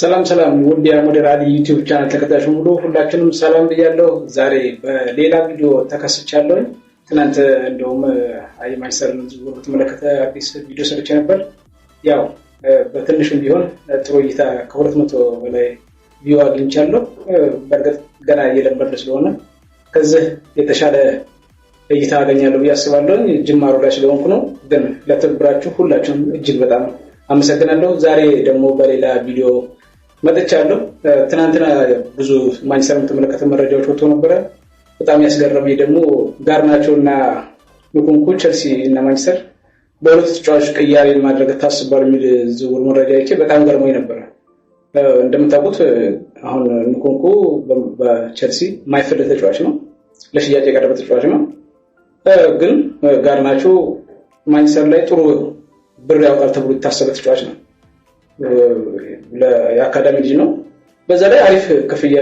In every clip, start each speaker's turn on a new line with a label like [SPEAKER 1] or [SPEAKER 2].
[SPEAKER 1] ሰላም ሰላም ውድ የሞዴል አሊ ዩቲዩብ ቻናል ተከታዮች ሙሉ ሁላችንም ሰላም ብያለሁ። ዛሬ በሌላ ቪዲዮ ተከስቻለሁኝ። ትናንት እንደውም የማንችስተር ዝውውር በተመለከተ አዲስ ቪዲዮ ሰርቼ ነበር። ያው በትንሹም ቢሆን ጥሩ እይታ ከሁለት መቶ በላይ ቪው አግኝቻለሁ። በእርግጥ ገና እየለመደ ስለሆነ ከዚህ የተሻለ እይታ አገኛለሁ ብዬ አስባለሁ። ጅማሩ ላይ ስለሆንኩ ነው። ግን ለትብብራችሁ ሁላችሁም እጅግ በጣም አመሰግናለሁ። ዛሬ ደግሞ በሌላ ቪዲዮ መጥቻለሁ። ትናንትና ብዙ ማንችስተር የምትመለከተ መረጃዎች ወጥቶ ነበረ። በጣም ያስገረመኝ ደግሞ ጋርናቾ እና ንኩንኩ ቸልሲ እና ማንችስተር በሁለት ተጫዋች ቅያሬ ማድረግ ታስቧል የሚል ዝውውር መረጃ ይቼ በጣም ገርሞኝ ነበረ። እንደምታውቁት አሁን ንኩንኩ በቸልሲ የማይፈለግ ተጫዋች ነው፣ ለሽያጭ የቀረበ ተጫዋች ነው። ግን ጋርናቾ ማንችስተር ላይ ጥሩ ብር ያወጣል ተብሎ የታሰበ ተጫዋች ነው። የአካዳሚ ልጅ ነው። በዛ ላይ አሪፍ ክፍያ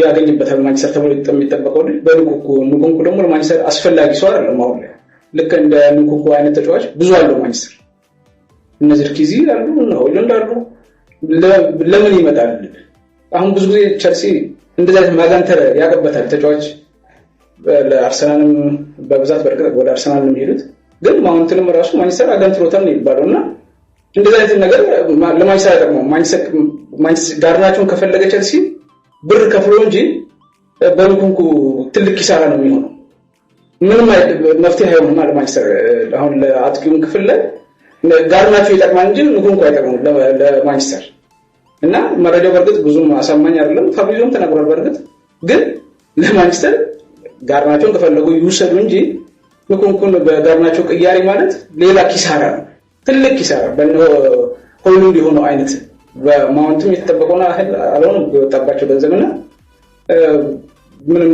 [SPEAKER 1] ያገኝበታል ማንቸስተር ተብሎ የሚጠበቀው በንኩኩ ንኩንኩ ደግሞ ለማንቸስተር አስፈላጊ ሰው አይደለም። አሁን ላይ ልክ እንደ ንኩኩ አይነት ተጫዋች ብዙ አለው ማንቸስተር። እነዚህ ርኪዚ አሉ ሆይሉንድ አሉ። ለምን ይመጣል? አሁን ብዙ ጊዜ ቸልሲ እንደዚ አይነት ማጋንተረ ያቀበታል ተጫዋች ለአርሰናልም በብዛት በርግጥ ወደ አርሰናል የሚሄዱት ግን ማውንትንም ራሱ ማንቸስተር አገንትሎታል ነው ይባለው እና እንደዚህ አይነት ነገር ለማንችስተር አይጠቅመው። ጋርናቸውን ከፈለገ ቸልሲ ብር ከፍሎ እንጂ በንኩንኩ ትልቅ ኪሳራ ነው የሚሆነው። ምንም መፍትሄ አይሆንም ለማንችስተር አሁን ለአጥቂውን ክፍል ላይ ጋርናቸው ይጠቅማል እንጂ ንኩንኩ አይጠቅመው ለማንችስተር እና መረጃው በእርግጥ ብዙም አሳማኝ አይደለም። ፋብሪዞም ተናግሯል። በእርግጥ ግን ለማንችስተር ጋርናቸውን ከፈለጉ ይውሰዱ እንጂ ንኩንኩን በጋርናቸው ቅያሬ ማለት ሌላ ኪሳራ ነው። ትልቅ ኪሳራ ሆሊውድ የሆነው አይነት በማውንትም የተጠበቀውን ያህል አልሆነም የወጣባቸው ገንዘብና ምንም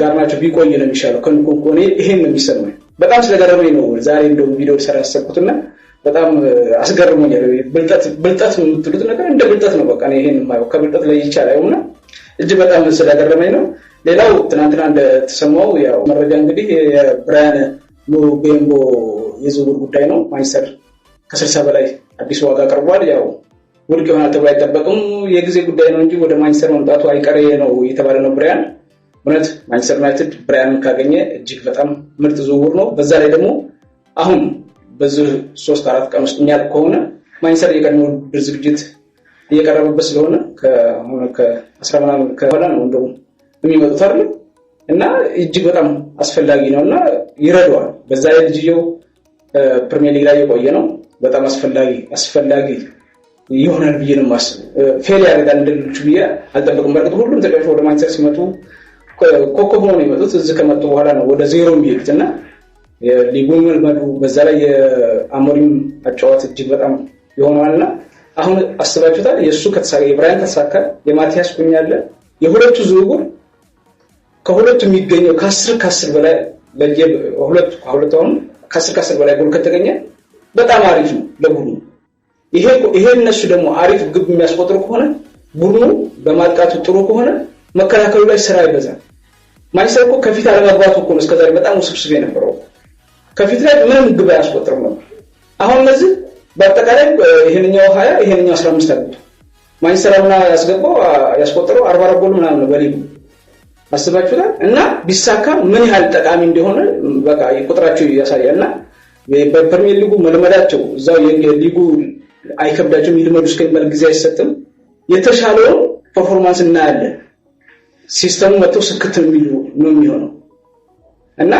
[SPEAKER 1] ጋር ናቸው ቢቆይ ነው የሚሻለው። ከንኮኔ ይሄን ነው የሚሰማኝ። በጣም ስለገረመኝ ነው ዛሬ እንደ ቪዲዮ ሰራ ያሰብኩትና በጣም አስገርሞኛል። ብልጠት የምትሉት ነገር እንደ ብልጠት ነው። በቃ ይሄን የማየው ከብልጠት ላይ ይቻላል እና እጅ በጣም ስለገረመኝ ነው። ሌላው ትናንትና እንደተሰማው ያው መረጃ እንግዲህ የብራያን ምቤምቦ የዝውውር ጉዳይ ነው ማንችስተር ከስልሳ በላይ አዲስ ዋጋ ቀርቧል። ያው ውድቅ ይሆናል ተብሎ አይጠበቅም። የጊዜ ጉዳይ ነው እንጂ ወደ ማንቸስተር መምጣቱ አይቀሬ ነው የተባለ ነው። ብሪያን እውነት ማንቸስተር ዩናይትድ ብሪያንን ካገኘ እጅግ በጣም ምርጥ ዝውውር ነው። በዛ ላይ ደግሞ አሁን በዚህ ሶስት አራት ቀን ውስጥ የሚያልቅ ከሆነ ማንቸስተር የቀድሞ ውድድር ዝግጅት እየቀረበበት ስለሆነ ከሆነ ከአስራ ምናምን ከኋላ ነው እንደውም የሚመጡት አሉ እና እጅግ በጣም አስፈላጊ ነው እና ይረዳዋል። በዛ ላይ ልጅየው ፕሪሚየር ሊግ ላይ የቆየ ነው በጣም አስፈላጊ አስፈላጊ ይሆናል ብዬ ነው የማስበው። ፌል ያደርጋል እንደሌሎቹ ብዬ አልጠበቅም። በእርግጥ ሁሉም ተጫዋቾች ወደ ማንቸስተር ሲመጡ ኮከብ ሆነው የመጡት እዚህ ከመጡ በኋላ ነው ወደ ዜሮ የሚሄዱት እና ሊጉን መልመዱ በዛ ላይ የአሞሪም አጫዋት እጅግ በጣም ይሆነዋል እና አሁን አስባችሁታል። የእሱ ከተሳካ የብራያን ከተሳካ የማቲያስ ኩኝ ያለ የሁለቱ ዝውውር ከሁለቱ የሚገኘው ከአስር ከአስር በላይ ሁለቱ ከሁለቱ አሁን ከአስር ከአስር በላይ ጎል ከተገኘ በጣም አሪፍ ነው ለቡድኑ። ይሄ እነሱ ደግሞ አሪፍ ግብ የሚያስቆጥሩ ከሆነ ቡድኑ በማጥቃቱ ጥሩ ከሆነ መከላከሉ ላይ ስራ ይበዛል። ማንቸስተር እኮ ከፊት አለመግባቱ እኮ ነው እስከዛሬ በጣም ውስብስብ የነበረው። ከፊት ላይ ምንም ግብ አያስቆጥርም ነው። አሁን እነዚህ በአጠቃላይ ይህንኛው ሀያ ይህንኛው አስራ አምስት አግብቶ ያስገባው ያስቆጠረው አርባ አራት ጎል ምናምን ነው በሊጉ አስባችሁታል። እና ቢሳካ ምን ያህል ጠቃሚ እንደሆነ በቃ ቁጥራቸው ያሳያል እና በፕሪሚየር ሊጉ መልመዳቸው እዛው ሊጉ አይከብዳቸውም ይልመዱ እስከሚባል ጊዜ አይሰጥም። የተሻለውን ፐርፎርማንስ እናያለን። ሲስተሙ መጥተው ስክት የሚሉ ነው የሚሆነው እና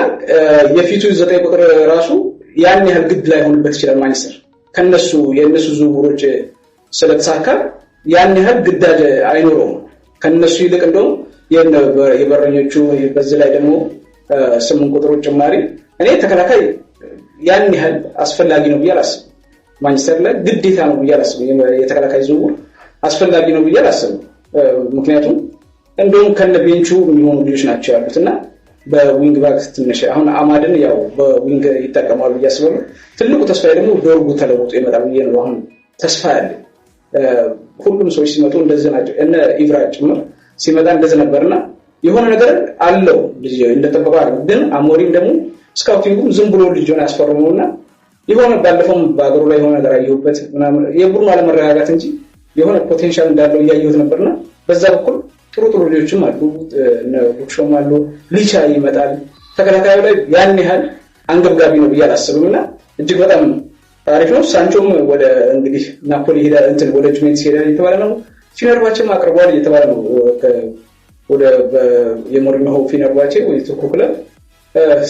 [SPEAKER 1] የፊቱ ዘጠኝ ቁጥር ራሱ ያን ያህል ግድ ላይሆንበት ይችላል። ማንችስተር ከነሱ የእነሱ ዝውውሮች ስለተሳካ ያን ያህል ግዳጅ አይኖረውም። ከነሱ ይልቅ እንደውም የበረኞቹ በዚህ ላይ ደግሞ ስምንት ቁጥሮች ጭማሪ እኔ ተከላካይ ያን ያህል አስፈላጊ ነው ብዬ አላስብም። ማንቸስተር ላይ ግዴታ ነው ብዬ አላስብም። የተከላካይ ዝውውር አስፈላጊ ነው ብዬ አላስብም። ምክንያቱም እንደውም ከነ ቤንቹ የሚሆኑ ልጆች ናቸው ያሉት እና በዊንግ ባክ ትንሽ አሁን አማድን ያው በዊንግ ይጠቀማሉ ብዬ አስባለሁ። ትልቁ ተስፋ ደግሞ ዶርጉ ተለውጦ ይመጣል ብዬ ነው አሁን ተስፋ ያለ። ሁሉም ሰዎች ሲመጡ እንደዚህ ናቸው፣ እነ ኢቭራ ጭምር ሲመጣ እንደዚህ ነበርና የሆነ ነገር አለው እንደጠበቀው አለ። ግን አሞሪም ደግሞ ስካውቲንጉም ዝም ብሎ ልጆን ያስፈርመውና የሆነ ባለፈውም በአገሩ ላይ የሆነ ነገር አየሁበት የቡድኑ አለመረጋጋት እንጂ የሆነ ፖቴንሻል እንዳለው እያየሁት ነበርና በዛ በኩል ጥሩ ጥሩ ልጆችም አሉ። ቡክሾም አሉ፣ ሊቻ ይመጣል። ተከላካዩ ላይ ያን ያህል አንገብጋቢ ነው ብዬ አላስብም እና እጅግ በጣም አሪፍ ነው። ሳንቾም ወደ እንግዲህ ናፖሊ ሄዳል፣ እንትን ወደ ጁቬንትስ ሄዳል እየተባለ ነው። ፊነርባቼም አቅርቧል እየተባለ ነው። ወደ የሞሪኒሆ ፊነርባቼ ወይ ትኩ ክለብ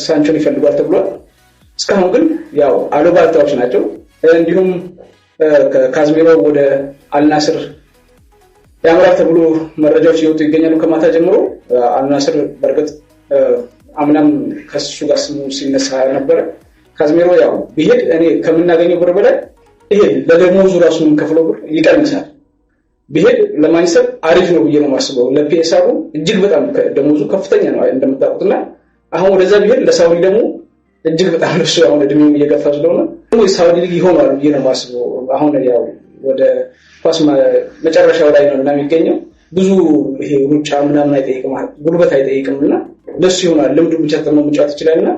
[SPEAKER 1] ሳንቾን ይፈልጓል ተብሏል። እስካሁን ግን ያው አሉባልታዎች ናቸው። እንዲሁም ካዝሜሮ ወደ አልናስር የአምራር ተብሎ መረጃዎች እየወጡ ይገኛሉ። ከማታ ጀምሮ አልናስር በእርግጥ አምናም ከሱ ጋር ስሙ ሲነሳ ነበረ። ካዝሜሮ ያው ቢሄድ እኔ ከምናገኘው ብር በላይ ይሄ ለደሞዙ ራሱ የምንከፍለው ብር ይቀንሳል። ቢሄድ ለማንሰብ አሪፍ ነው ብዬ ነው የማስበው። ለፒኤስአሩ እጅግ በጣም ደሞዙ ከፍተኛ ነው እንደምታውቁትና አሁን ወደዛ ቢሄድ ለሳውዲ ደግሞ እጅግ በጣም ልብሱ አሁን እድሜው እየገፋ ስለሆነ ሳውዲ ሊግ ይሆናሉ ብዬ ነው የማስበው። አሁን ያው ወደ ኳስ መጨረሻው ላይ ነው እና የሚገኘው ብዙ ይሄ ሩጫ ምናምን አይጠይቅም፣ ጉልበት አይጠይቅም እና ለሱ ይሆናል። ልምዱ ብቻ ተሞ መጫወት ይችላል እና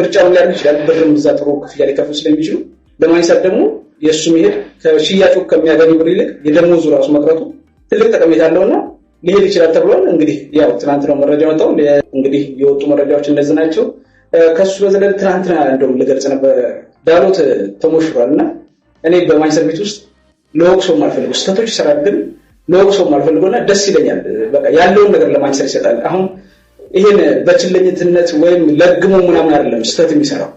[SPEAKER 1] ምርጫ ሊያደርግ ይችላል። ብርም እዛ ጥሩ ክፍያ ሊከፍል ስለሚችሉ ለማንሳት ደግሞ የእሱ መሄድ ከሽያጩ ከሚያገኝ ብር ይልቅ የደሞዙ ራሱ መቅረቱ ትልቅ ጠቀሜታ እና ሊሄድ ይችላል ተብሏል። እንግዲህ ያው ትናንት ነው መረጃ ወጣው። እንግዲህ የወጡ መረጃዎች እነዚህ ናቸው። ከሱ በዘለለ ትናንትና እንደውም ልገልጽ ነበር ዳሎት ተሞሽሯል እና እኔ በማንቸስተር ቤት ውስጥ ለወቅ ሰው አልፈልገው ስህተቶች ይሰራል፣ ግን ሰው አልፈልገው እና ደስ ይለኛል። በቃ ያለውን ነገር ለማንቸስተር ይሰጣል። አሁን ይህን በችለኝትነት ወይም ለግሞ ምናምን አይደለም ስህተት የሚሰራው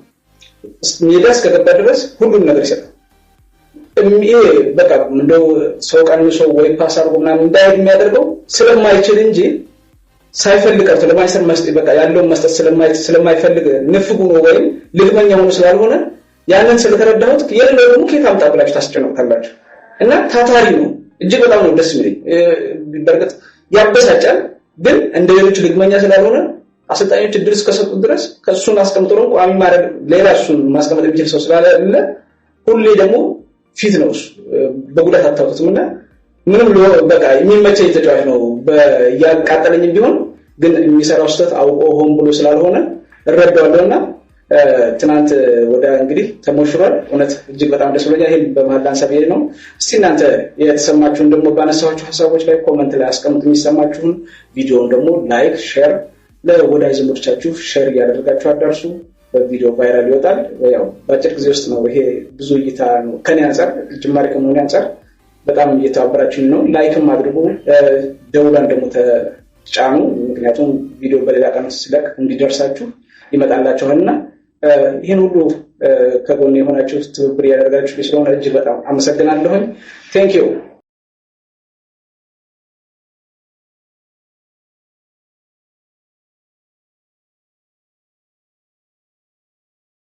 [SPEAKER 1] ሜዳ እስከገባ ድረስ ሁሉም ነገር ይሰጣል። ይሄ በቃ እንደው ሰው ቀንሶ ወይ ፓስ አድርጎ ምናምን እንዳይሄድ የሚያደርገው ስለማይችል እንጂ ሳይፈልግ ቀርቶ ለማይሰር በቃ ያለውን መስጠት ስለማይፈልግ ንፍጉ ነው ወይም ልግመኛ ሆኖ ስላልሆነ ያንን ስለተረዳሁት የሌለው ደግሞ ከየት አምጣ ብላችሁ ታስጨነቁታላችሁ። እና ታታሪ ነው፣ እጅግ በጣም ነው ደስ የሚለኝ። በእርግጥ ያበሳጫል፣ ግን እንደ ሌሎች ልግመኛ ስላልሆነ አሰልጣኞች እድል እስከሰጡት ድረስ ከእሱን አስቀምጦ ቋሚ ማድረግ ሌላ እሱን ማስቀመጥ የሚችል ሰው ስላለ ሁሌ ደግሞ ፊት ነው በጉዳት አታውቅትም እና ምንም በቃ የሚመቸኝ ተጫዋች ነው። ያቃጠለኝም ቢሆን ግን የሚሰራው ስህተት አውቆ ሆን ብሎ ስላልሆነ እረዳዋለሁ እና ትናንት ወደ እንግዲህ ተሞሽሯል። እውነት እጅግ በጣም ደስ ብሎኛል። ይህም በመሀል ላንሳ ነው። እስቲ እናንተ የተሰማችሁን ደግሞ ባነሳኋቸው ሀሳቦች ላይ ኮመንት ላይ አስቀምጡ። የሚሰማችሁን ቪዲዮውን ደግሞ ላይክ፣ ሼር ለወዳጅ ዘመዶቻችሁ ሼር እያደረጋችሁ አዳርሱ። በቪዲዮ ቫይራል ይወጣል። ያው በአጭር ጊዜ ውስጥ ነው ይሄ ብዙ እይታ ነው። ከኔ አንጻር ጅማሬ ከመሆኔ አንጻር በጣም እየተባበራችን ነው። ላይክም አድርጉ፣ ደውላን ደግሞ ተጫኑ። ምክንያቱም ቪዲዮ በሌላ ቀን ስለቅ እንዲደርሳችሁ እና ይህን ሁሉ ከጎን የሆናችሁ ትብብር እያደረጋችሁ ስለሆነ እጅግ በጣም አመሰግናለሁኝ። ዩ